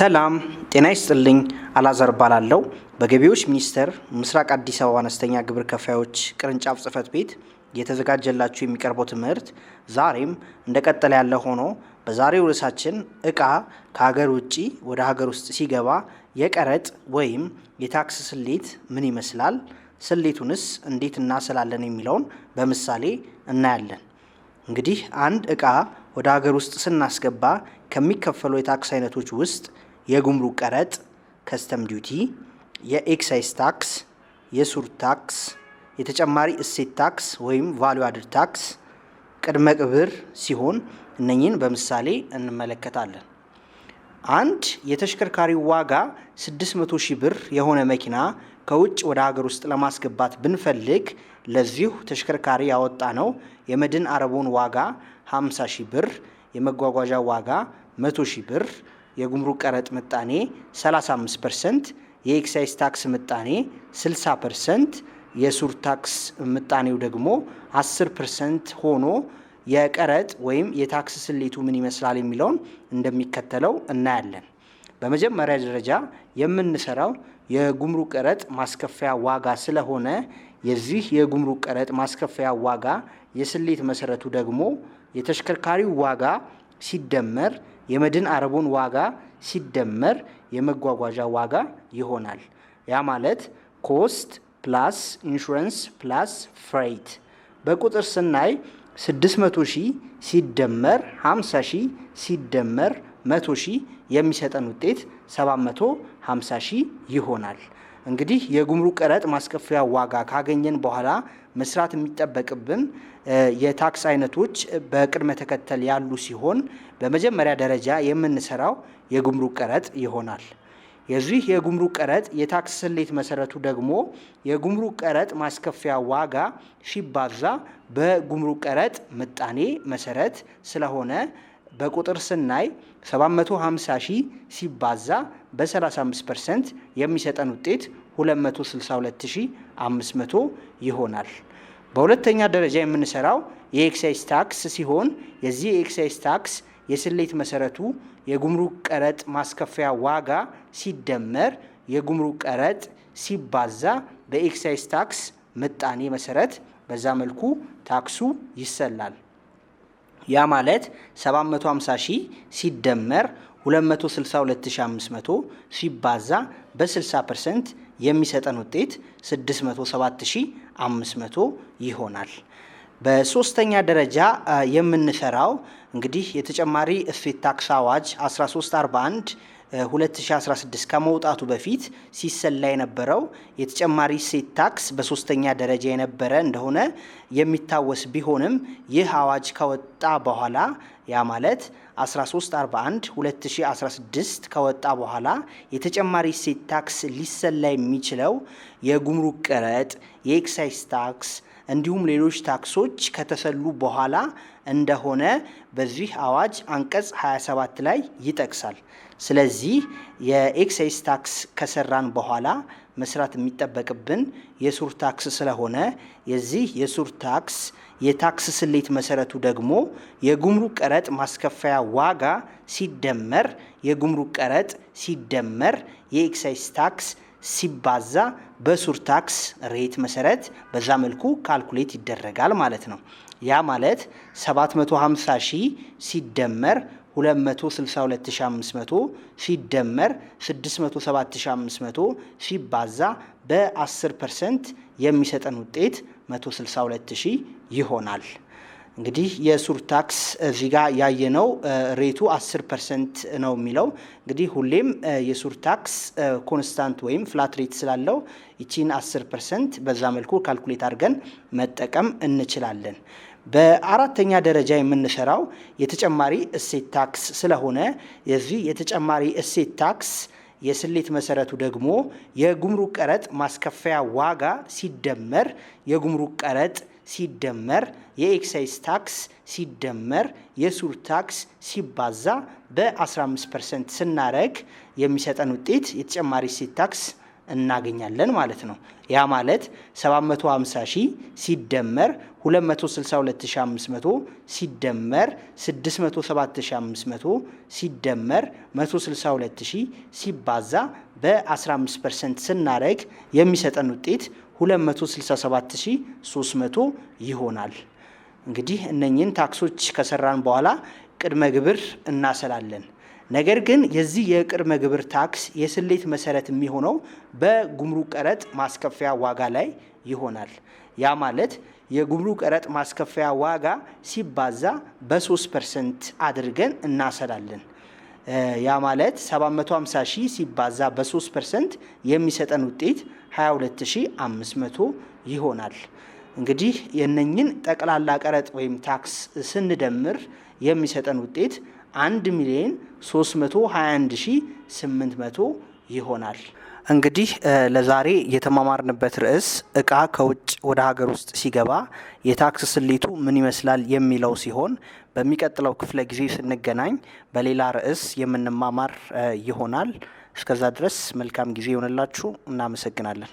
ሰላም ጤና ይስጥልኝ። አላዘር ባላለው በገቢዎች ሚኒስቴር ምስራቅ አዲስ አበባ አነስተኛ ግብር ከፋዮች ቅርንጫፍ ጽህፈት ቤት የተዘጋጀላችሁ የሚቀርበው ትምህርት ዛሬም እንደቀጠለ ያለ ሆኖ በዛሬው ርዕሳችን እቃ ከሀገር ውጭ ወደ ሀገር ውስጥ ሲገባ የቀረጥ ወይም የታክስ ስሌት ምን ይመስላል፣ ስሌቱንስ እንዴት እናስላለን የሚለውን በምሳሌ እናያለን። እንግዲህ አንድ እቃ ወደ ሀገር ውስጥ ስናስገባ ከሚከፈሉ የታክስ አይነቶች ውስጥ የጉምሩክ ቀረጥ፣ ከስተም ዲዩቲ፣ የኤክሳይዝ ታክስ፣ የሱር ታክስ፣ የተጨማሪ እሴት ታክስ ወይም ቫሉ አድድ ታክስ፣ ቅድመ ግብር ሲሆን እነኚህን በምሳሌ እንመለከታለን። አንድ የተሽከርካሪ ዋጋ 600 ሺህ ብር የሆነ መኪና ከውጭ ወደ ሀገር ውስጥ ለማስገባት ብንፈልግ ለዚሁ ተሽከርካሪ ያወጣ ነው የመድን አረቦን ዋጋ 50 ሺህ ብር፣ የመጓጓዣ ዋጋ 100 ሺህ ብር የጉምሩክ ቀረጥ ምጣኔ 35 ፐርሰንት፣ የኤክሳይዝ ታክስ ምጣኔ 60 ፐርሰንት፣ የሱር ታክስ ምጣኔው ደግሞ 10 ፐርሰንት ሆኖ የቀረጥ ወይም የታክስ ስሌቱ ምን ይመስላል የሚለውን እንደሚከተለው እናያለን። በመጀመሪያ ደረጃ የምንሰራው የጉምሩክ ቀረጥ ማስከፈያ ዋጋ ስለሆነ የዚህ የጉምሩክ ቀረጥ ማስከፈያ ዋጋ የስሌት መሰረቱ ደግሞ የተሽከርካሪው ዋጋ ሲደመር የመድን አረቡን ዋጋ ሲደመር የመጓጓዣ ዋጋ ይሆናል። ያ ማለት ኮስት ፕላስ ኢንሹረንስ ፕላስ ፍሬይት። በቁጥር ስናይ 600 ሺህ ሲደመር 50 ሺህ ሲደመር 100 ሺህ የሚሰጠን ውጤት 750 ሺህ ይሆናል። እንግዲህ የጉምሩክ ቀረጥ ማስከፈያ ዋጋ ካገኘን በኋላ መስራት የሚጠበቅብን የታክስ አይነቶች በቅድመ ተከተል ያሉ ሲሆን በመጀመሪያ ደረጃ የምንሰራው የጉምሩክ ቀረጥ ይሆናል። የዚህ የጉምሩክ ቀረጥ የታክስ ስሌት መሰረቱ ደግሞ የጉምሩክ ቀረጥ ማስከፈያ ዋጋ ሲባዛ በጉምሩክ ቀረጥ ምጣኔ መሰረት ስለሆነ በቁጥር ስናይ 750 ሺህ ሲባዛ በ35 ፐርሰንት የሚሰጠን ውጤት 262500 ይሆናል። በሁለተኛ ደረጃ የምንሰራው የኤክሳይዝ ታክስ ሲሆን የዚህ የኤክሳይዝ ታክስ የስሌት መሰረቱ የጉምሩክ ቀረጥ ማስከፈያ ዋጋ ሲደመር የጉምሩክ ቀረጥ ሲባዛ በኤክሳይዝ ታክስ ምጣኔ መሰረት በዛ መልኩ ታክሱ ይሰላል። ያ ማለት 750 ሺህ ሲደመር 262500 ሲባዛ በ60 ፐርሰንት የሚሰጠን ውጤት 607500 ይሆናል። በሶስተኛ ደረጃ የምንሰራው እንግዲህ የተጨማሪ እሴት ታክስ አዋጅ 1341 2016 ከመውጣቱ በፊት ሲሰላ የነበረው የተጨማሪ እሴት ታክስ በሶስተኛ ደረጃ የነበረ እንደሆነ የሚታወስ ቢሆንም ይህ አዋጅ ከወጣ በኋላ ያ ማለት 1341 2016 ከወጣ በኋላ የተጨማሪ እሴት ታክስ ሊሰላ የሚችለው የጉምሩክ ቀረጥ፣ የኤክሳይዝ ታክስ እንዲሁም ሌሎች ታክሶች ከተሰሉ በኋላ እንደሆነ በዚህ አዋጅ አንቀጽ 27 ላይ ይጠቅሳል። ስለዚህ የኤክሳይዝ ታክስ ከሰራን በኋላ መስራት የሚጠበቅብን የሱር ታክስ ስለሆነ የዚህ የሱር ታክስ የታክስ ስሌት መሰረቱ ደግሞ የጉምሩክ ቀረጥ ማስከፈያ ዋጋ ሲደመር የጉምሩክ ቀረጥ ሲደመር የኤክሳይዝ ታክስ ሲባዛ በሱር ታክስ ሬት መሰረት በዛ መልኩ ካልኩሌት ይደረጋል ማለት ነው። ያ ማለት 750 ሺህ ሲደመር 262500 ሲደመር 607500 ሲባዛ በ10 ፐርሰንት የሚሰጠን ውጤት 162000 ይሆናል። እንግዲህ የሱር ታክስ እዚህ ጋር ያየነው ሬቱ 10 ፐርሰንት ነው የሚለው እንግዲህ ሁሌም የሱር ታክስ ኮንስታንት ወይም ፍላት ሬት ስላለው ይቺን 10 ፐርሰንት በዛ መልኩ ካልኩሌት አድርገን መጠቀም እንችላለን። በአራተኛ ደረጃ የምንሰራው የተጨማሪ እሴት ታክስ ስለሆነ የዚህ የተጨማሪ እሴት ታክስ የስሌት መሰረቱ ደግሞ የጉምሩክ ቀረጥ ማስከፈያ ዋጋ ሲደመር የጉምሩክ ቀረጥ ሲደመር የኤክሳይዝ ታክስ ሲደመር የሱር ታክስ ሲባዛ በ15 ፐርሰንት ስናረግ የሚሰጠን ውጤት የተጨማሪ እሴት ታክስ እናገኛለን ማለት ነው። ያ ማለት 750 ሺህ ሲደመር 262500 ሲደመር 607500 ሲደመር 162000 ሲባዛ በ15 ፐርሰንት የሚሰጠን ውጤት 267300 ይሆናል። እንግዲህ እነኝህን ታክሶች ከሰራን በኋላ ቅድመ ግብር እናሰላለን። ነገር ግን የዚህ የቅድመ ግብር ታክስ የስሌት መሰረት የሚሆነው በጉምሩክ ቀረጥ ማስከፈያ ዋጋ ላይ ይሆናል። ያ ማለት የጉምሩክ ቀረጥ ማስከፈያ ዋጋ ሲባዛ በ3 ፐርሰንት አድርገን እናሰላለን። ያ ማለት 750 ሺህ ሲባዛ በ3 ፐርሰንት የሚሰጠን ውጤት 22500 ይሆናል። እንግዲህ የነኝን ጠቅላላ ቀረጥ ወይም ታክስ ስንደምር የሚሰጠን ውጤት አንድ ሚሊዮን 800 ይሆናል። እንግዲህ ለዛሬ የተማማርንበት ርዕስ እቃ ከውጭ ወደ ሀገር ውስጥ ሲገባ የታክስ ስሌቱ ምን ይመስላል የሚለው ሲሆን በሚቀጥለው ክፍለ ጊዜ ስንገናኝ በሌላ ርዕስ የምንማማር ይሆናል። እስከዛ ድረስ መልካም ጊዜ ይሆንላችሁ። እናመሰግናለን።